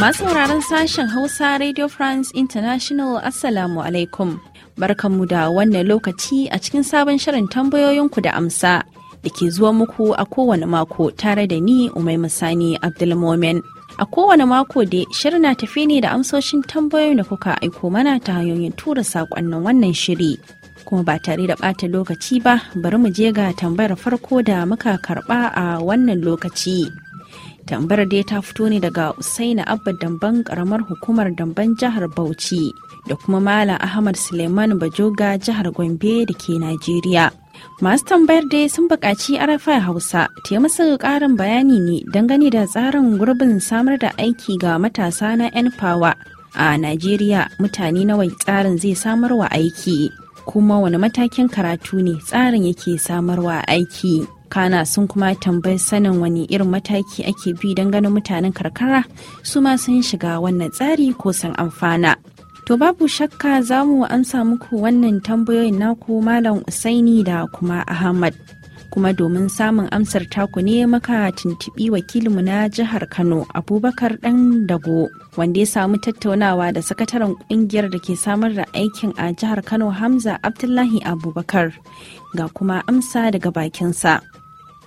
Masu sauraron sashen Hausa Radio France International Assalamu alaikum. Barkanmu da wannan lokaci a cikin sabon shirin tambayoyinku da amsa da ke zuwa muku a kowane mako tare da ni Umai Musani Abdulmomen. A kowane mako da shirin na tafi ne da amsoshin tambayoyin da kuka aiko mana ta hanyoyin tura saƙonnin wannan shiri. kuma ba tare da bata lokaci ba bari mu je ga tambayar farko da muka karɓa a wannan lokaci tambayar dai ta fito ne daga usaina abba damban karamar hukumar damban jihar bauchi da kuma malam ahmad suleiman bajoga jihar gombe da ke najeriya masu tambayar dai sun buƙaci arafa hausa ta musu ƙarin bayani ne gani da tsarin gurbin samar da aiki ga matasa na 'yan fawa a najeriya mutane nawa tsarin zai samar wa aiki kuma wani matakin karatu ne tsarin yake samarwa aiki kana sun kuma tambayi sanin wani irin mataki ake bi don ganin mutanen karkara su ma sun shiga wannan tsari ko sun amfana to babu shakka za mu amsa muku wannan tambayoyin naku malam usaini da kuma ahmad kuma domin samun amsar taku ne maka tuntuɓi wakilinmu na jihar kano abubakar dan dago wanda ya samu tattaunawa da sakataren kungiyar da ke samar da aikin a jihar kano hamza abdullahi abubakar ga kuma amsa daga bakinsa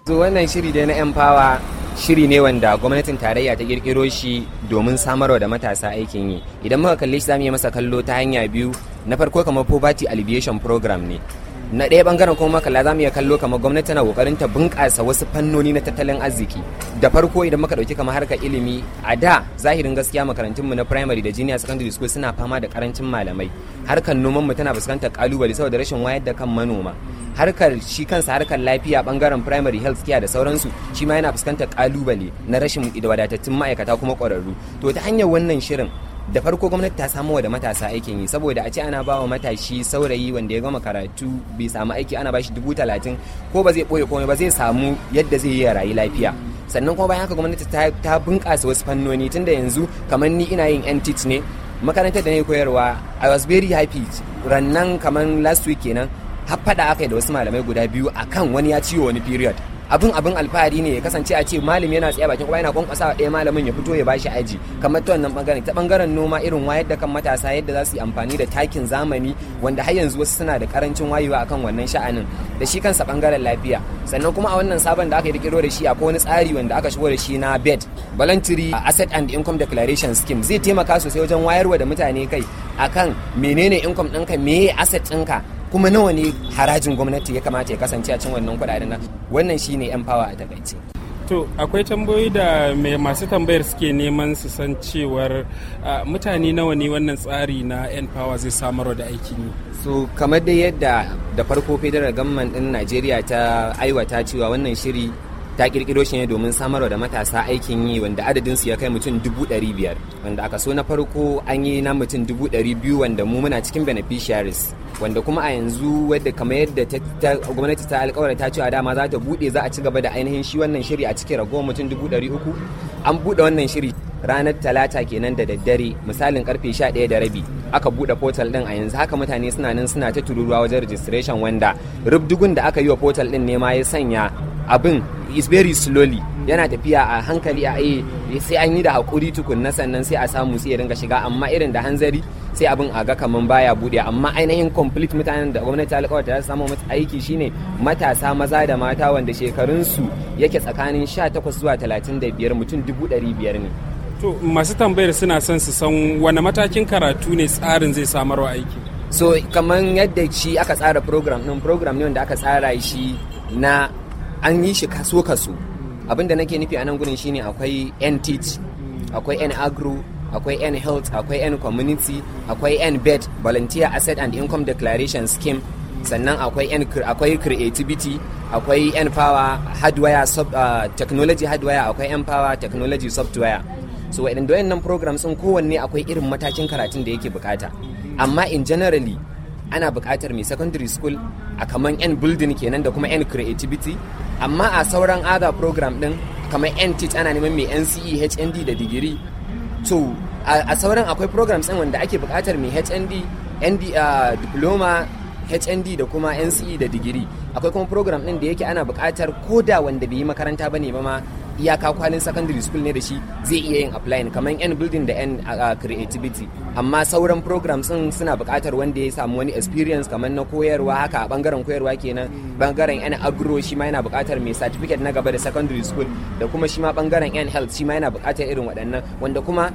zo wannan shiri dai na empower shiri ne wanda gwamnatin tarayya ta kirkiro shi domin samarwa da matasa aikin yi idan muka kalle shi zamu yi masa kallo ta hanya biyu na farko kamar poverty alleviation program ne na ɗaya bangaren kuma kalla za mu iya kallo kamar gwamnati tana kokarin ta bunƙasa wasu fannoni na tattalin arziki da farko idan muka ɗauki kamar harkar ilimi a da zahirin gaskiya makarantun mu na primary da junior secondary school suna fama da karancin malamai harkar noman mu tana fuskantar kalubale saboda rashin wayar da kan manoma harkar shi kansa harkar lafiya bangaren primary health care da sauransu shi ma yana fuskantar kalubale na rashin wadatattun ma'aikata kuma ƙwararru to ta hanyar wannan shirin da farko gwamnati ta samu da matasa aikin yi saboda a ce ana ba wa matashi saurayi wanda ya gama karatu bai samu aiki ana bashi dubu talatin ko ba zai boye komai ba zai samu yadda zai yi rayu lafiya sannan kuma bayan haka gwamnati ta bunkasa wasu fannoni tun da yanzu kamar ni ina yin NTT ne makarantar da na yi koyarwa I was very happy rannan kamar last week kenan har faɗa aka yi da wasu malamai guda biyu akan wani ya ciwo wani period abin abin alfahari ne ya kasance a ce malami yana tsaye bakin kuma yana kwankwasa ɗaya malamin ya fito ya bashi aji kamar ta wannan bangaren ta bangaren noma irin wayar da kan matasa yadda za su yi amfani da takin zamani wanda har yanzu wasu suna da karancin wayewa akan wannan sha'anin da shi kansa bangaren lafiya sannan kuma a wannan sabon da aka yi kiro da shi akwai wani tsari wanda aka shigo da shi na bed voluntary asset and income declaration scheme zai taimaka sosai wajen wayarwa da mutane kai akan menene income ɗinka meye asset ɗinka kuma nawa ne harajin gwamnati ya kamata ya kasance a cin wannan kudaden nan wannan shine fawa a takaice to akwai tambayoyi da mai masu tambayar suke neman su san cewar mutane nawa ne wannan tsari na yan fawa zai samar da aikin yi so kamar da yadda da farko federal government din najeriya ta aiwata cewa wannan shiri ta kirkiro shi ne domin samarwa da matasa aikin yi wanda adadin su ya kai mutum dubu ɗari biyar wanda aka so na farko an yi na mutum dubu ɗari biyu wanda mu muna cikin beneficiaries wanda kuma a yanzu wadda kamar yadda gwamnati ta alkawarin ta cewa dama za ta buɗe za a ci gaba da ainihin shi wannan shiri a cikin ragowar mutum dubu ɗari uku an buɗe wannan shiri ranar talata kenan da daddare misalin karfe 11 da rabi aka buɗe portal ɗin a yanzu haka mutane suna nan suna ta tururuwa wajen registration wanda rubdugun da aka yi wa portal din ne ya sanya abin is very slowly yana tafiya a hankali a aye eh, sai an yi da hakuri tukunna sannan sai a samu sai ya dinga shiga amma irin da hanzari sai abin a ga kaman baya bude amma ainihin complete mutanen da gwamnati alƙawarta ta samu mata aiki shine matasa maza da mata wanda shekarunsu yake tsakanin 18 zuwa 35 mutum 500 ne to masu tambayar suna son su san wani matakin karatu ne tsarin zai samarwa aiki so kamar yadda shi aka tsara program ɗin program ne wanda aka tsara shi na an yi shi kaso kaso abin da nake nufi a nan gurin shine akwai 'Yan teach akwai n agro akwai n health akwai 'yan community akwai 'yan bed volunteer asset and income declaration scheme sannan akwai n akwai creativity akwai n power hardware sub, uh, technology hardware akwai n power technology software so waɗanda nan programs sun kowanne akwai irin matakin karatun da yake bukata amma in generally ana buƙatar mai secondary school a kaman yan building kenan da kuma yan creativity amma a sauran other program din kamar yan teach ana neman mai nce hnd da digiri to a sauran akwai programs din wanda ake buƙatar mai hnd nd diploma hnd da kuma nce da digiri akwai kuma program din da yake ana buƙatar koda wanda bai yi makaranta ba ne ba ma iyaka kwanin secondary school ne da shi zai iya yin applying kamar yan building da yan uh, uh, creativity amma sauran programs din suna buƙatar wanda ya samu wani experience kamar na koyarwa haka a bangaren koyarwa kenan bangaren yan agro shi ma yana buƙatar mai certificate na gaba da secondary school da kuma shi ma bangaren yan health shi ma yana buƙatar irin waɗannan wanda kuma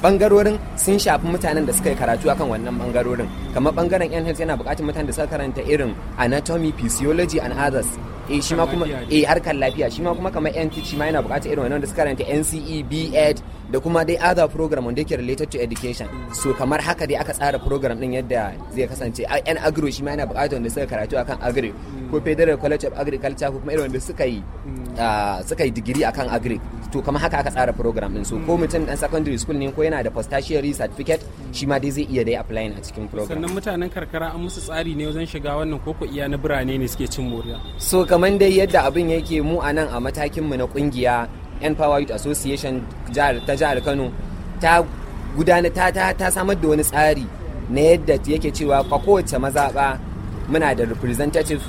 bangarorin sun shafi mutanen da suka yi karatu akan wannan bangarorin kamar bangaren yan health yana bukatar mutanen da suka karanta irin anatomy physiology and others eh shi ma kuma eh harkar lafiya shi ma kuma kamar yan shi ma yana bukatar irin wannan da suka karanta NCE BEd da kuma dai other program wanda yake related to education so kamar haka dai aka tsara program din yadda zai kasance yan agro shi ma yana bukatar wanda suka karatu akan agri ko federal college of agriculture ko kuma irin wanda suka yi hmm. suka yi digiri akan agri to kamar haka aka tsara program din so ko hmm. mutum dan secondary school ne ko yana da post certificate hmm. shi ma dai zai iya dai applying a cikin program sannan mutanen karkara an musu tsari ne wajen shiga wannan ko iya na birane ne suke cin moriya so kamar dai yadda abin yake mu a nan a matakin mu na kungiya Empower Youth Association ta jihar Kano ta gudana ta ta, ta samar da wani tsari na yadda yake cewa a kowace mazaɓa muna da representative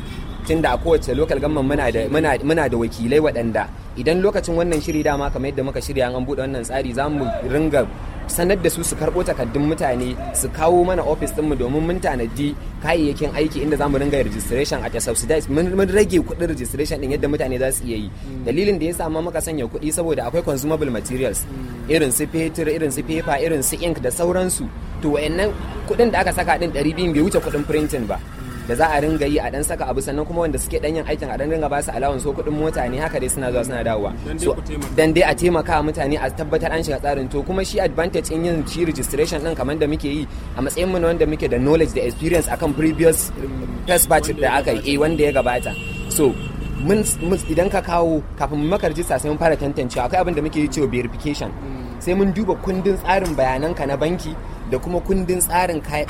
tunda a kowace local government muna da muna da wakilai waɗanda idan lokacin wannan shiri dama kamar yadda muka shirya an buɗe wannan tsari za mu ringa sanar da su su karɓo takardun mutane su kawo mana ofis ɗinmu domin mun tanadi kayayyakin aiki inda za mu ringa registration a subsidize mun rage kuɗin registration ɗin yadda mutane za su iya yi hmm. dalilin da ya sa muka sanya kuɗi saboda akwai consumable materials hmm. irin su fetur irin su paper irin su ink da sauransu to wayannan kuɗin da aka saka ɗin ɗari biyu bai wuce kuɗin printing ba da za a ringa yi a dan saka abu sannan kuma wanda suke dan yin aikin a dan ringa ba su ko kudin mota ne haka dai suna zuwa suna dawowa so dan dai a taimaka mutane a tabbatar an shiga tsarin to kuma shi advantage in yin shi registration din kamar da muke yi a matsayin mu wanda muke da knowledge da experience akan previous eh, first batch da aka yi eh, wanda ya gabata so mun idan ka kawo kafin mu maka register sai mun fara tantancewa akwai abin da muke yi cewa verification hmm. sai mun duba kundin tsarin bayananka na banki da kuma kundin tsarin eh,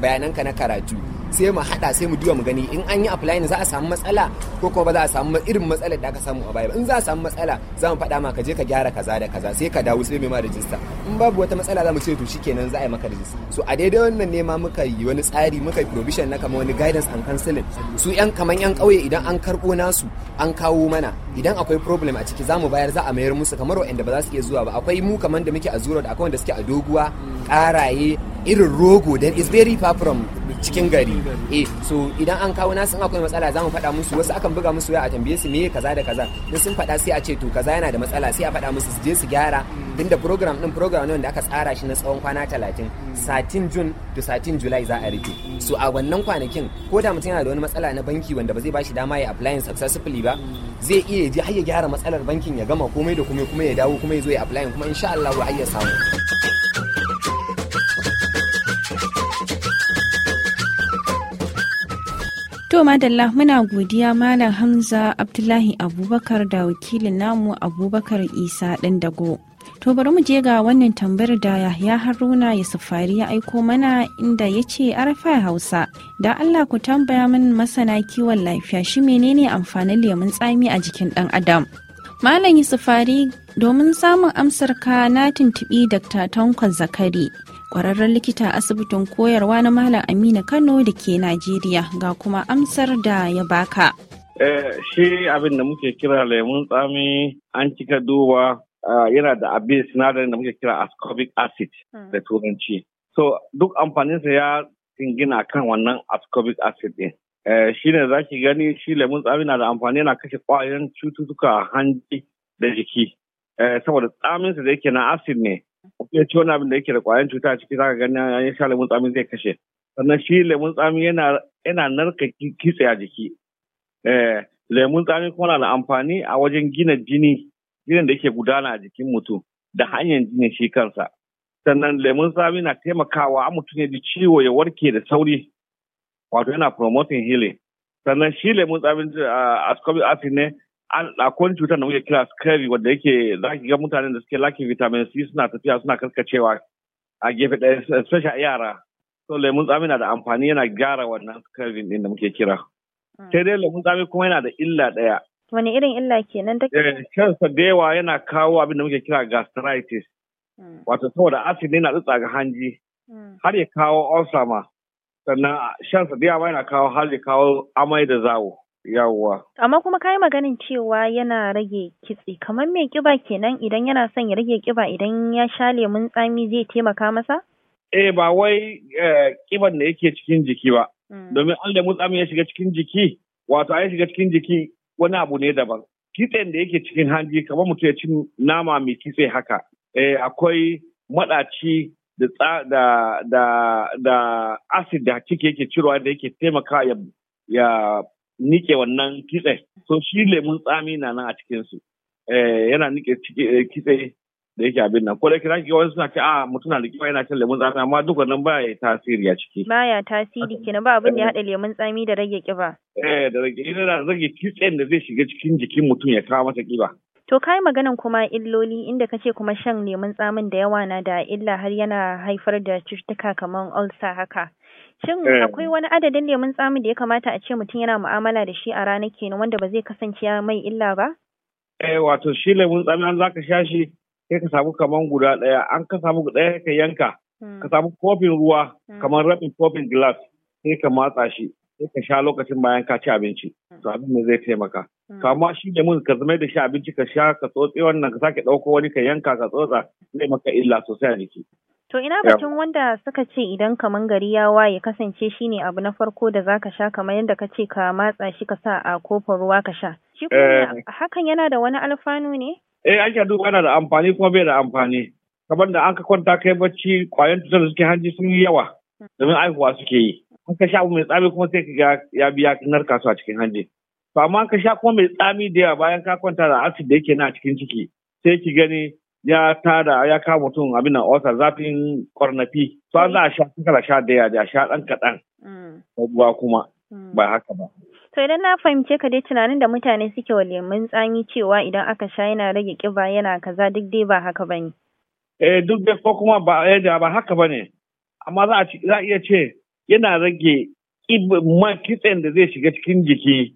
bayananka na karatu sai mu hada sai mu duba mu gani in an yi ne za a samu matsala ko kuma ba za a samu irin matsalar da aka samu a baya in za a samu matsala za mu fada ma ka je ka gyara kaza da kaza sai ka dawo sai mai ma rijista in babu wata matsala za mu ce to shikenan za a yi maka rijista so a daidai wannan ne ma muka yi wani tsari muka yi provision na kamar wani guidance and counseling su yan kaman yan kauye idan an karbo nasu an kawo mana idan akwai problem a ciki za mu bayar za a mayar musu kamar waɗanda ba za su iya zuwa ba akwai mu kaman da muke a zuro da akwai wanda suke a doguwa karaye irin rogo then is very far from cikin gari eh so idan an kawo nasu akwai matsala za mu faɗa musu wasu akan buga musu ya a tambaye su meye kaza da kaza in sun faɗa sai a ce to kaza yana da matsala sai a faɗa musu su je su gyara din da program din program ne wanda aka tsara shi na tsawon kwana 30 satin jun to satin july za a rike so a wannan kwanakin ko da mutum yana da wani matsala na banki wanda ba zai bashi dama ya applying successfully ba zai iya je har ya gyara matsalar bankin ya gama komai da komai kuma ya dawo kuma ya zo ya applying kuma insha Allah ya samu To madalla muna godiya Malam Hamza Abdullahi Abubakar da wakilin namu Abubakar Isa ɗan dago. To bari mu je ga wannan tambayar da Yahya Haruna ya ya aiko mana inda ya ce arafa Hausa. Da Allah ku tambaya min masana kiwon lafiya shi menene amfanin lemun tsami a jikin ɗan adam. Malam Yusufari domin samun amsar ka na tuntuɓi Dr. Tankon Zakari kwararren likita asibitin koyarwa na Malam Aminu Kano da ke Najeriya ga kuma amsar da ya baka. Eh, shi abin da muke kira lemun tsami an cika duba ah, yana da abin sinadarin da muke kira ascorbic acid hmm. da turanci. So duk amfaninsa ya gina kan wannan ascorbic acid din. Eh, shi ne za ki gani shi lemun tsami na da amfani yana kashe kwayoyin cututtuka hanji da jiki eh, saboda tsaminsa da yake na acid ne ya ci wani abin da yake da kwayan cuta a ciki zaka gani ya sha lemun tsami zai kashe sannan shi lemun tsami yana yana narka kitse a jiki eh, lemun tsami kuma na amfani a wajen gina jini jinin da yake gudana a jikin mutum da hanyar jinin shi kansa sannan lemun tsami na taimakawa a mutum ya ji ciwo ya warke da sauri wato yana promoting healing sannan shi lemun tsami ah, ascorbic acid ne akwai cutar da muke kira scurvy wanda yake za ki ga mutanen da suke lakin vitamin C suna tafiya suna karkacewa a gefe ɗaya especially yara so lemun tsami na da amfani yana gyara wannan scurvy din da muke kira hmm. sai dai lemun tsami kuma yana da illa ɗaya wani irin illa kenan take eh, sa da yawa yana kawo abin da muke kira gastritis hmm. wato saboda acid ne na tsatsa ga hanji hmm. har ya kawo ulcer ma sannan sa da yawa yana kawo har ya kawo amai da zawo yawwa amma kuma kayi maganin cewa yana rage kitse kamar mai kiba kenan idan yana son ya rage kiba idan ya sha lemun tsami zai taimaka masa eh ba wai ƙiban eh, da yake cikin jiki ba hmm. domin an lemun tsami ya shiga cikin jiki wato an shiga cikin jiki wani abu ne daban kitsen da yake cikin hanji kamar mutum ya ci nama mai kitse haka eh akwai maɗaci da da da acid da ciki yake cirowa da yake taimaka ya nike wannan kitse so shi lemun tsami na nan a cikin su eh, yana nike eh, kitse da yake abin nan ko da kira ki wani suna ce a ah, mutum na rikewa yana cin lemun tsami amma duk wannan baya tasiri a ciki baya tasiri kenan ba abin da ya haɗa lemun tsami da rage kiba eh da rage ina da rage kitsen da zai shiga cikin jikin mutum ya kawo mata kiba To kai maganan kuma illoli inda kace kuma shan lemun tsamin da yawa na da illa har yana haifar da cututtuka kamar ulcer haka. Shin eh. akwai wani adadin lemun tsamin da ya kamata a ce mutum yana mu'amala da shi a rana kenan wanda ba zai kasance ya mai illa ba? Eh wato shi lemun tsamin an zaka sha shi sai ka samu kaman guda ɗaya an ka samu ɗaya ka yanka hmm. ka samu kofin ruwa hmm. kamar rabin kofin glass sai ka matsa shi sai ka sha lokacin bayan ka ci abinci hmm. to abin ne zai taimaka. Kama hmm. shi ne mun ka zama da shi abinci ka sha ka tsotse wannan ka sake ɗauko wani ka yanka ka tsotsa zai maka illa sosai a jiki. To ina batun wanda suka ce idan kaman gari ya waye kasance shi ne abu na farko da zaka sha kamar yadda ka ce ka matsa shi ka sa a kofar ruwa ka sha. Shi kuma eh. hakan yana da wani alfanu ne? Eh ake duk yana da amfani kuma bai da amfani. Kamar da an ka kwanta kai bacci kwayan cutar da suke hanji sun yi yawa hmm. domin aihuwa suke yi. An ka sha abu mai tsami kuma sai ka ya biya narka su a cikin hanji. to amma ka sha kuma mai tsami da yawa bayan ka kwanta da acid da yake na cikin ciki sai ki gani ya tada ya kama mutum abin nan zafin kornafi to an za a sha kala sha da yawa da sha dan kadan ruwa mm. kuma mm. ba haka ba to idan na fahimce ka dai tunanin da mutane suke wa lemun tsami cewa idan aka sha yana rage kiba yana kaza duk dai ba haka bane eh duk da ko kuma ba yadda eh, ba haka bane amma za a iya ce yana rage man kitsen da zai shiga cikin jiki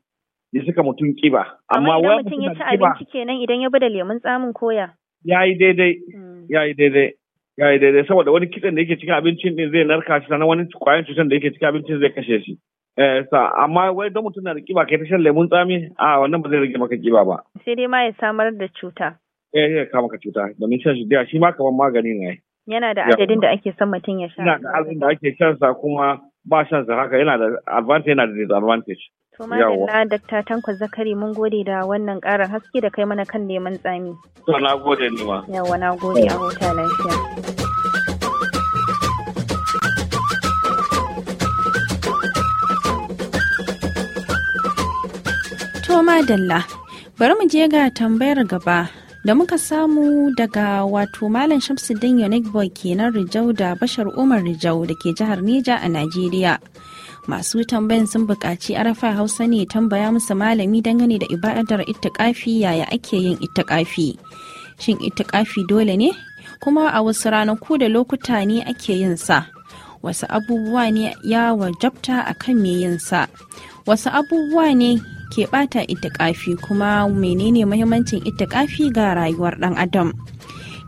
ya saka mutum kiba amma wai mutum ya ci abinci kenan idan ya bada da lemun tsamin koya yayi daidai hmm. yayi daidai yayi daidai saboda wani kitsen da yake cikin abincin din zai narka shi sannan wani kwayan cutar da yake cikin abincin zai kashe shi eh, amma wai don mutum na da kiba kai ta shan lemun tsami a wannan ba zai rage maka kiba ba sai dai ma ya samar da cuta eh ya kama ka cuta domin shan shi da shi ma kamar magani ne yana da adadin da ake son mutum ya sha yana da adadin da ake shan sa kuma ba shan sa haka yana da advantage yana da disadvantage To madalla Dakta Tanko Zakari mun gode da wannan ƙarar haske da kai mana kan neman tsami. To na gode nima. Yawwa, na gode a huta lafiya. To madalla bari mu je ga tambayar gaba da muka samu daga wato Malam Shamsuddin Unique Boy kenan Rijau da Bashar Umar Rijau da ke jihar Neja a Najeriya. masu tambayan sun buƙaci arafa hausa ne tambaya musu malami dangane da ibadar ittiƙafi yaya ake yin ittiƙafi shin ittiƙafi dole ne kuma a wasu ranaku da lokuta ne ake yin sa wasu abubuwa ne ya wajabta a kan me yin sa wasu abubuwa ne ke bata ittiƙafi kuma menene muhimmancin ittiƙafi ga rayuwar ɗan adam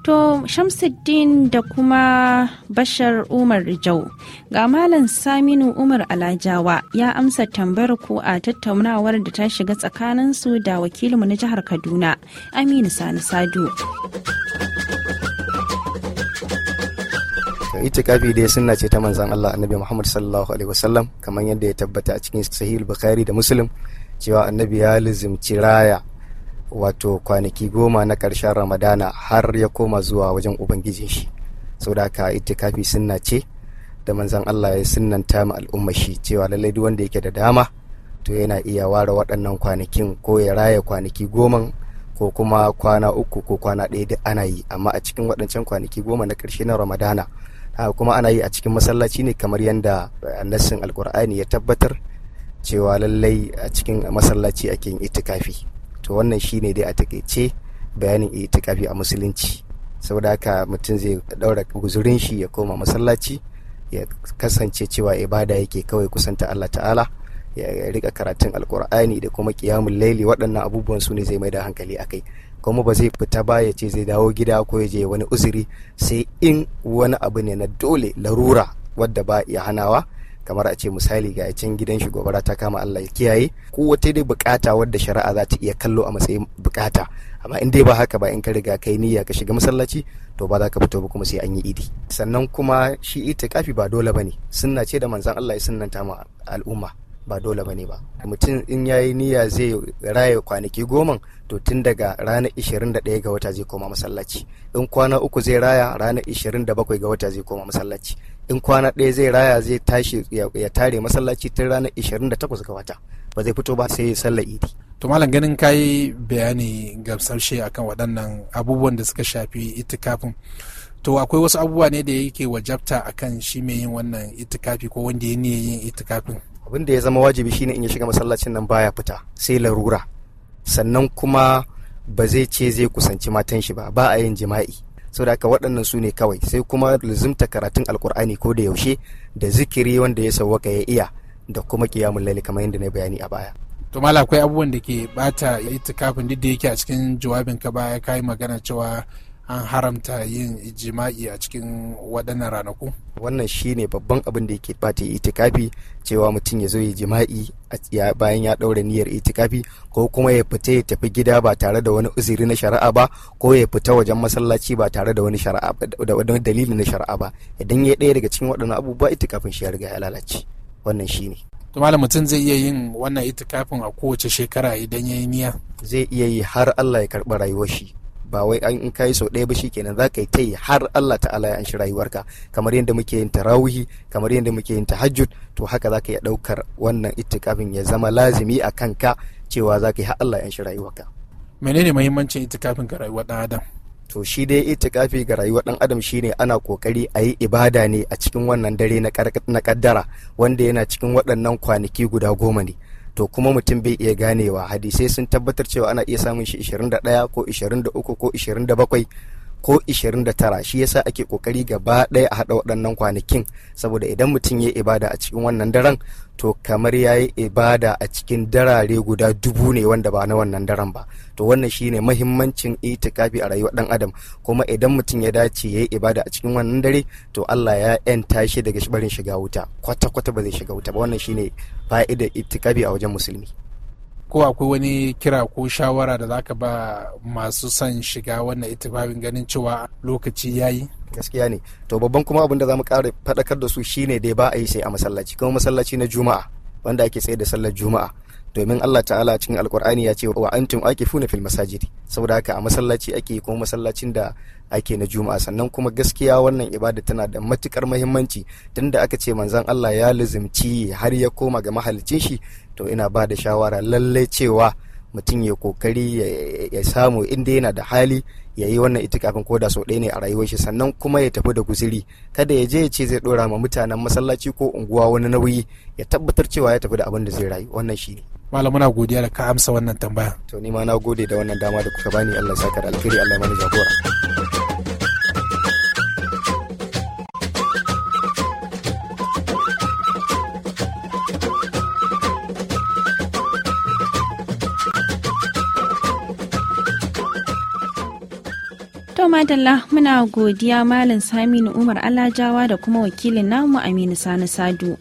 To Shamsuddin da kuma Bashar Umar jau ga Malam Saminu Umar Alajawa ya amsa tambayarku ku a tattaunawar da ta shiga tsakaninsu da wakilinmu na jihar Kaduna Aminu Sani Sadu. itikafi dai sunna ce ta manzan Allah annabi Muhammad sallallahu alaihi wasallam kamar yadda ya tabbata a cikin sahih Bukhari da Muslim cewa annabi ya lizimci raya wato kwanaki goma na ƙarshen ramadana har ya koma zuwa wajen ubangijin shi Sau saboda haka itikafi sunna ce da manzan Allah ya sunnanta ma al'umma shi cewa lallai duk wanda yake da dama to yana iya ware waɗannan kwanakin ko ya raya kwanaki goman ko kuma kwana uku ko kwana ɗaya duk ana yi amma a cikin waɗancan kwanaki goma na ƙarshe na ramadana kuma ana yi a cikin masallaci ne kamar yadda eh, nassin alkur'ani ya tabbatar cewa lallai a cikin masallaci ake yin itikafi to wannan shine dai a takaice bayanin itikafi a musulunci saboda haka mutum zai daura guzurin shi ya koma masallaci ya kasance cewa ibada yake kawai kusanta Allah ta'ala ya rika karatun alkur'ani da kuma kiyamun laili waɗannan abubuwan su ne zai mai da hankali a kai kuma ba zai fita ba ya ce zai dawo gida ko ya je wani uzuri sai in wani abu ne na dole larura wadda ba ya hanawa kamar a ce misali ga can gidan shi gobara ta kama Allah ya kiyaye ko wata dai bukata wadda shari'a za ta iya kallo a matsayin bukata amma in dai ba haka ba in ka riga kai niyya ka shiga masallaci to ba za ka fito ba kuma sai an yi idi sannan kuma shi itikafi ba dole bane sunna ce da manzon Allah ya sunnanta ma al'umma ba dole bane ba mutum in ya yi niyya zai raya kwanaki goma to tun daga ranar 21 ga wata zai koma masallaci in kwana uku zai raya ranar 27 ga wata zai koma masallaci in kwana ɗaya zai raya zai tashi ya tare masallaci tun ranar 28 ga wata ba zai fito ba sai sallar idi to malam ganin kayi bayani gamsarshe akan waɗannan abubuwan da suka shafi itikafin to akwai wasu abubuwa ne da yake wajabta akan shi mai yin wannan itikafi ko wanda ya niyyar yin itikafin abin da ya zama wajibi shine in ya shiga masallacin nan baya fita sai larura sannan kuma ba zai ce zai kusanci matan shi ba ba a yin jima'i da haka waɗannan su ne kawai sai kuma luzumta karatun alkur'ani ko da yaushe da zikiri wanda ya sauwaka ya iya da kuma kiyamun laili kamar yadda na bayani a baya to akwai abubuwan da ke bata kafin duk da yake a cikin jawabin ka baya kai magana cewa an haramta yin jima'i a cikin waɗannan ranaku wannan shine babban abin da yake bata itikafi cewa mutum ya zo ya jima'i bayan ya ɗaura niyyar itikafi ko kuma ya fita ya tafi gida ba tare da wani uzuri na shari'a ba ko ya fita wajen masallaci ba tare da wani dalili na shari'a ba idan ya ɗaya daga cikin waɗannan abubuwa itikafin shi ya riga ya lalace wannan shine ne. malam mutum zai iya yin wannan itikafin a kowace shekara idan ya yi niyya zai iya yi har Allah ya karɓi rayuwar shi ba wai an in kai sau ɗaya ba kenan za ka yi ta yi har Allah ta'ala ya anshi rayuwarka kamar yadda muke yin tarawihi kamar yadda muke yin tahajjud to haka za ka yi ɗaukar wannan itikafin ya zama lazimi a kanka cewa za ka yi har Allah ya anshi rayuwarka menene muhimmancin itikafin ga rayuwar ɗan adam to shi dai itikafi ga rayuwar dan adam shine ana kokari a yi ibada ne a cikin wannan dare na kaddara wanda yana cikin waɗannan kwanaki guda goma ne to kuma mutum bai iya ganewa hadisai sun tabbatar cewa ana iya samun shi 21 ko 23 ko 27 ko 29 shi yasa ake kokari gaba ɗaya a haɗa waɗannan kwanakin saboda idan mutum ya ibada a cikin wannan daren to kamar ya yi ibada a cikin darare guda dubu ne wanda ba na wannan daren ba to wannan shi ne mahimmancin itikafi a rayuwa ɗan adam kuma idan mutum ya dace ya yi ibada a cikin wannan dare to Allah ya yanta shi daga barin shiga wuta kwata kwata ba zai shiga wuta ba wannan shi ne fa'idar itikafi a wajen musulmi ko akwai wani kira ko shawara da zaka ba masu son shiga wannan itibabin ganin cewa lokaci ya yi. gaskiya ne to babban kuma abin da za mu kare faɗakar da su shine da ba a yi sai a masallaci kuma masallaci na juma'a wanda ake tsaye da sallar juma'a domin Allah ta'ala cikin alkur'ani ya ce wa antum akifuna fil masajidi saboda haka a masallaci ake kuma masallacin da ake na juma'a sannan kuma gaskiya wannan ibada tana da matukar muhimmanci tunda aka ce manzon Allah ya luzumci har ya koma ga mahallicin shi to ina ba da shawara lallai cewa mutum ya kokari ya samu inda yana da hali ya yi wannan ko da sau ɗaya ne a rayuwar shi sannan kuma ya tafi da guziri kada ya je ya ce zai ɗora ma mutanen masallaci ko unguwa wani nauyi ya tabbatar cewa ya tafi da abin da zai rayu wannan shi ne malam muna godiya da ka amsa wannan tambaya to ni ma na gode da wannan dama da kuka bani Allah saka da alkhairi Allah mana jagora madalla muna godiya malam saminu umar alajawa da kuma wakilin namu aminu sani sadu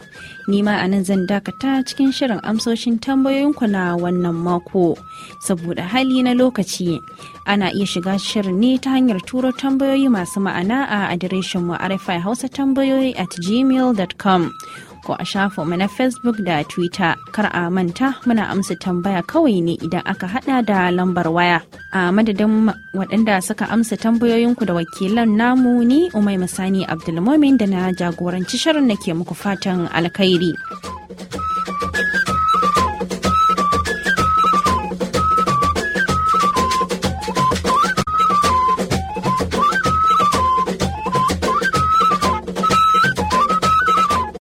ni ma a nan zan dakata cikin shirin amsoshin tambayoyinku na wannan mako saboda hali na lokaci ana iya shiga shirin ne ta hanyar turo tambayoyi masu ma'ana a adireshin mu rfi hausa tambayoyi at gmail.com ko a mu na facebook da twitter kar a manta muna amsa tambaya kawai ne idan aka hada da lambar waya a madadin waɗanda suka amsa tambayoyinku da wakilan namu ni umai masani abdulmomin da na jagoranci shirin nake muku fatan alkhairi